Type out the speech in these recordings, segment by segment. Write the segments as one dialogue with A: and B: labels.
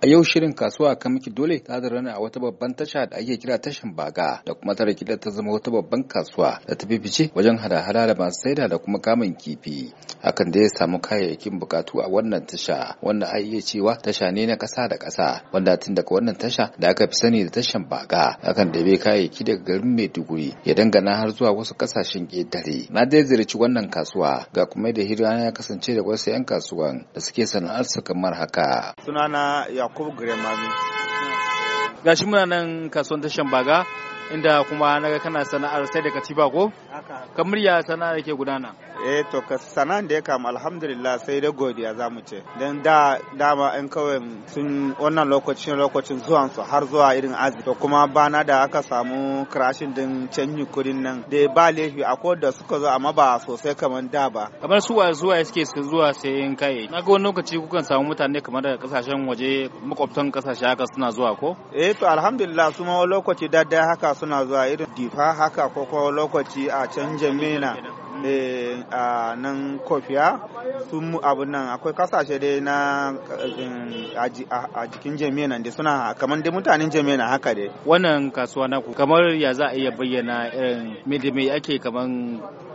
A: A yau shirin kasuwa kan miki dole ta rana a wata babban tasha da ake kira tashin baga da kuma tare gida ta zama wata babban kasuwa da ta fifice wajen hada-hada da masu saida da kuma kamun kifi. Hakan da ya samu kayayyakin bukatu a wannan tasha wanda a iya cewa tasha ne na kasa da kasa wanda tun daga wannan tasha da aka fi sani da tashin baga hakan da bai kayayyaki daga garin Maiduguri ya dangana har zuwa wasu kasashen ƙetare. Na dai ziyarci wannan kasuwa ga kuma da hirana ya kasance da wasu 'yan kasuwan da suke su kamar haka. Sunana yakubu giremami gashi muna nan kasuwan tashan baga inda kuma naga kana sana'ar sai da katiba ko kamar murya sana'ar ke gudana eh to ka
B: sana'ar da ya kama alhamdulillah sai da godiya za mu ce Dan da dama yan kawai sun wannan lokacin lokacin zuwan su har zuwa irin azumi to kuma bana da aka samu crashin din canyi kudin nan da ba laifi akwai da suka zo amma ba sosai kamar da ba
A: kamar suwa zuwa suke zuwa in kai na ga wani lokaci kukan samu mutane kamar daga kasashen waje makwabtan kasashe haka suna zuwa ko
B: eh to alhamdulillah su ma lokaci da haka suna zuwa irin difa haka ko lokaci a can jamina a nan kofiya sun abu nan akwai kasashe dai na a jikin jami'a nan dai suna kamar dai mutanen jami'a na haka dai wannan kasuwa na ku kamar ya za a iya bayyana irin me ake kamar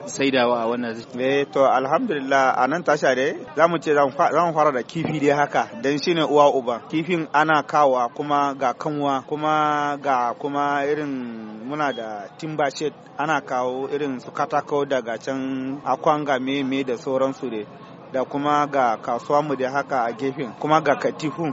B: saidawa a wannan eh to alhamdulillah a nan tasha dai za mu ce za mu fara da kifi dai haka dan shine uwa uba kifin ana kawa kuma ga kanwa kuma ga kuma irin muna da timba shed ana kawo irin su katako daga can akwanga meme da sauransu ne da kuma ga kasuwa mu da haka a gefen kuma ga katifu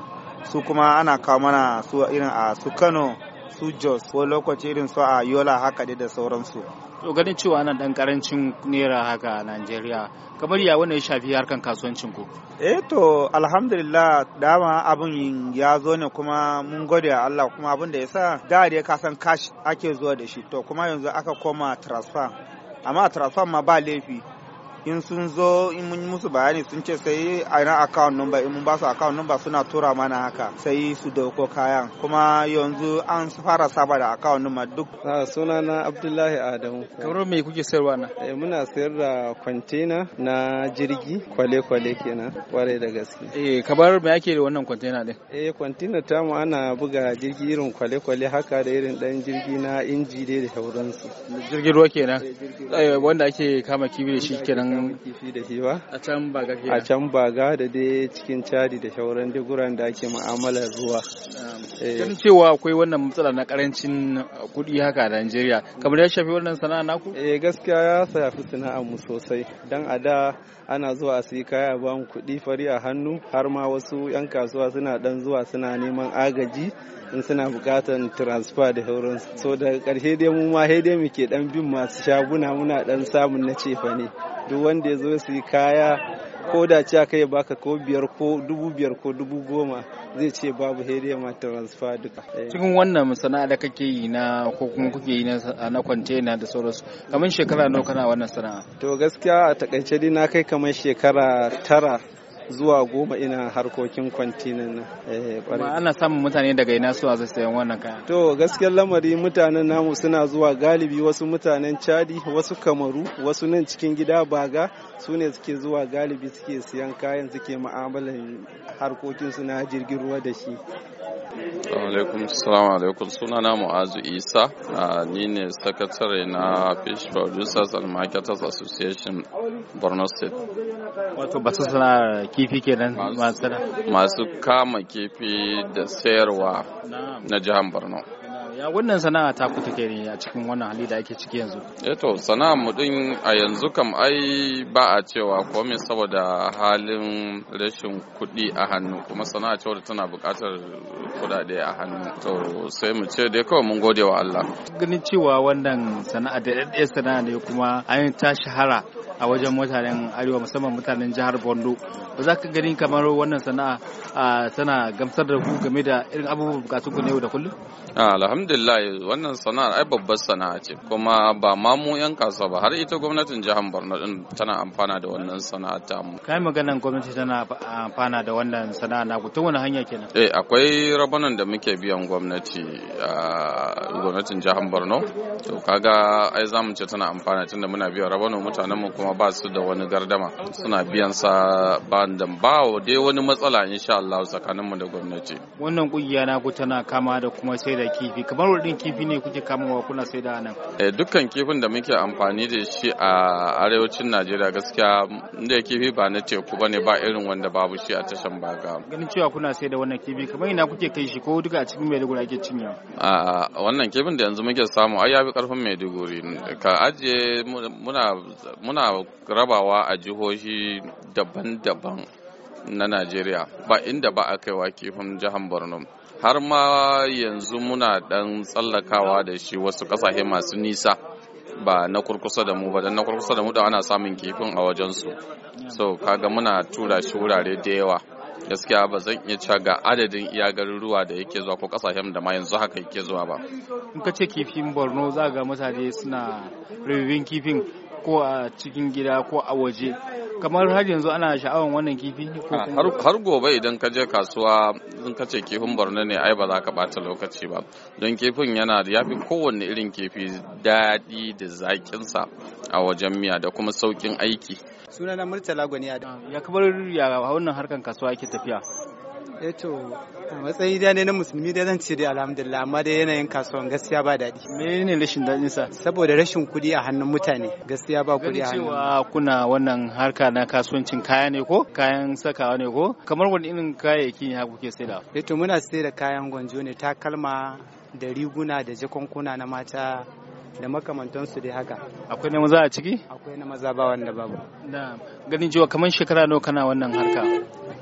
B: su kuma ana kawo mana su irin a su kano su jos ko lokaci irin su a yola
A: haka da sauransu to ganin cewa nan dan karancin naira haka a Najeriya kamar ya wannan ya shafi harkan kasuwancin ku
B: eh to alhamdulillah dama abun ya zo ne kuma mun gode Allah kuma abin da yasa da dai ka san cash ake zuwa da shi to kuma yanzu aka koma transfer amma transfer ma ba laifi in sun zo in mun musu bayani sun ce sai a ran account number in mun ba su account number suna tura mana haka sai su dauko kayan kuma yanzu an fara saba da account number duk suna
C: na Abdullahi Adamu kamar me kuke sayarwa na eh muna sayar da container na jirgi kwale kwale kenan kware da gaske eh kabar me ake da wannan container din eh container ta mu ana buga jirgi irin kwale kwale haka da irin dan jirgi na inji dai da sauransu
A: jirgin ruwa kenan eh, eh,
C: wanda ake kama kibi da shi kenan nan kifi da hiwa
A: a can baga a can
C: baga da dai cikin cadi da shauran diguran da ake ma'amalar ruwa kan eh.
A: cewa akwai wannan matsala na
C: karancin kuɗi haka a Najeriya kamar ya shafi wannan sana'a naku eh gaskiya ya shafi sana'a mu sosai dan a da ana zuwa a sayi kaya ba mu kuɗi fari a hannu har ma wasu 'yan kasuwa suna dan zuwa suna neman agaji in suna bukatar transfer da sauransu so da karshe dai mu ma dai muke dan bin masu shaguna muna dan samun na cefa ne duk wanda ya zo su kaya ko da ce aka yi baka ko biyar ko dubu biyar ko dubu goma zai ce babu hediya ma transfer duka. Eh. Cikin
A: wannan sana'a da kake yi na ko kuma kuke yi na kwantena da sauransu kamar shekara nawa kana wannan sana'a?
C: To gaskiya a takaice dai na kai kamar shekara tara zuwa goma ina harkokin kwantinan nan. Eh,
A: ana samun mutane daga ina suwa su sayan wannan kaya.
C: To gaskiyar lamari mutanen namu suna zuwa galibi wasu mutanen Chadi, wasu Kamaru, wasu nan cikin gida Baga su ne suke zuwa galibi suke siyan kayan suke ma'amalan harkokin su na jirgin ruwa da shi.
D: alaikum salam alaikum na mu'azu isa ah, ni ne sakatare na fish producers and marketers association borno state
A: wato ba su suna kifi ke masu masu
D: kama kifi da sayarwa na jihar borno
A: ya wannan sana'a ta kuta ke a cikin wannan hali da ake ciki yanzu
D: eto eh sana'a mu a yanzu kam ai ba a cewa komai saboda halin rashin kuɗi a hannu kuma sana'a ce wadda tana buƙatar kuɗaɗe a hannu to sai mu ce dai kawai mun gode wa Allah ganin cewa
A: wannan sana'a da ɗaɗɗaya sana'a ne kuma an ta shahara a wajen mutanen arewa musamman mutanen jihar Bondo ba za ka gani kamar wannan sana'a tana gamsar da ku game da irin abubuwan bukatun ku ne yau da kullum
D: alhamdulillah wannan sana'a ai babbar sana'a ce kuma ba ma mu yan kasuwa ba har ita gwamnatin jihar Borno din tana amfana da wannan sana'a ta mu
A: kai maganan gwamnati tana amfana da wannan sana'a na ku ta wani hanya kenan
D: eh akwai rabanan da muke biyan gwamnati gwamnatin jihar Borno to kaga ai zamu ce tana amfana tunda muna biyan rabanan mutanen mu kuma kuma ba su da wani gardama suna biyan sa bandan ba dai wani matsala insha Allah tsakaninmu da gwamnati
A: wannan kungiya na ku tana kama da kuma sai da kifi kamar wurin kifi ne kuke wa kuna sai da nan
D: eh dukkan kifin da muke amfani da shi a arewacin Najeriya gaskiya inda kifi ba na teku bane ba irin wanda babu shi a tashan baga
A: ganin cewa kuna sai da wannan kifi kamar ina kuke kai shi ko duka a cikin Maiduguri ake cinya
D: a wannan kifin da yanzu muke samu ai yafi karfin Maiduguri ka ajiye muna muna rabawa a jihohi daban-daban na najeriya ba inda ba a kaiwa kifin jihar borno har ma yanzu muna dan tsallakawa da shi wasu kasashe masu nisa ba na kurkusa da mu ba dan na kurkusa da mu da ana samun kifin a wajen su so kaga muna tura shi wurare da yawa gaskiya ba zan iya caga ga adadin iya garuruwa da yake zuwa ko kasashen da ma yanzu haka yake zuwa ba
A: in ka ce kifin borno za ga mutane suna rubin kifin ko a cikin gida ko a waje kamar har yanzu ana sha'awar wannan kifi ah, har
D: gobe idan ka je kasuwa in ka ce kifin borno ne ai ba za ka bata lokaci ba don kifin yana da yafi kowanne irin kifi daɗi da zaƙinsa a wajen miya da kuma sauƙin aiki
A: sunana murtala gwani ah, ya kamar ya wannan harkan kasuwa yake tafiya eto eh matsayi da ne na musulmi da zan ce dai alhamdulillah amma dai yanayin kasuwan gaskiya ba daɗi menene rashin daɗin sa saboda rashin kuɗi a hannun mutane gaskiya ba kuɗi a hannun cewa kuna wannan harka na kasuwancin kaya ne ko kayan sakawa ne ko kamar wani irin kayayyaki ne kuke saida eto eh muna da kayan gwanjo ne takalma da riguna da jakunkuna na mata da makamantansu dai haka akwai na maza a ciki akwai na maza ba wanda babu na ganin jiwa kamar shekara nawa kana wannan harka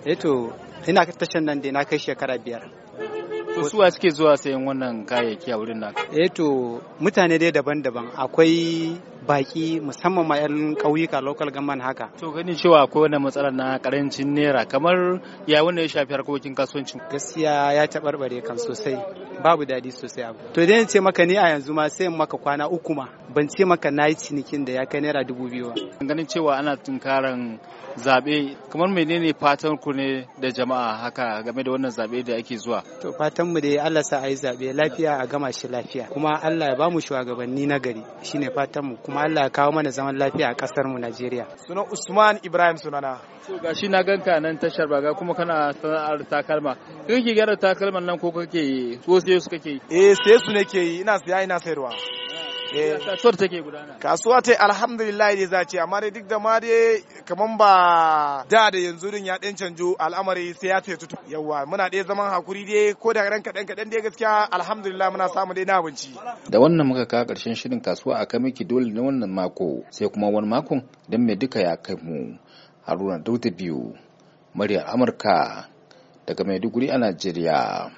A: eh to ina tashan nan dai na kai shekara biyar to suwa suke zuwa sayan wannan kayayyaki a wurin naka eh to mutane dai daban-daban akwai baki musamman ma 'yan ƙauyuka local government haka. To gani cewa akwai wani matsala na karancin naira kamar ya wanda ya shafi harkokin kasuwancin. Gaskiya ya taɓarɓare kan sosai
C: babu daɗi sosai abu.
A: To dai ce maka ni a yanzu ma sai maka kwana uku ma ban ce maka na yi cinikin da ya kai naira dubu biyu ba. Ganin cewa ana tunkaran zaɓe kamar menene fatan ku ne da jama'a haka game da wannan zaɓe da ake zuwa.
C: To fatan mu dai Allah sa a yi zaɓe lafiya a gama shi lafiya kuma Allah ya ba mu shugabanni na gari shine fatan mu kuma kuma Allah ya kawo mana zaman lafiya a kasar mu Najeriya.
A: Sunan Usman Ibrahim sunana. To gashi na ganka nan tashar baga kuma kana sana'ar takalma. Kake gyara takalman nan ko kake ko sai su kake Eh sai su ke, yi ina siya ina sayarwa. kasuwar eh, ke gudana kasuwa ta alhamdulillah dai za amma dai duk da ma dai kaman ba da da yanzu din ya dan canjo al'amari sai ya tutu yawa muna dai zaman hakuri dai ko da ran kadan kadan dai gaskiya alhamdulillah muna samu dai na abinci da wannan muka ka karshen shirin kasuwa a miki dole na wannan mako sai kuma wani makon dan me duka ya kai mu haruna dauta biyu muryar amurka daga maiduguri a najeriya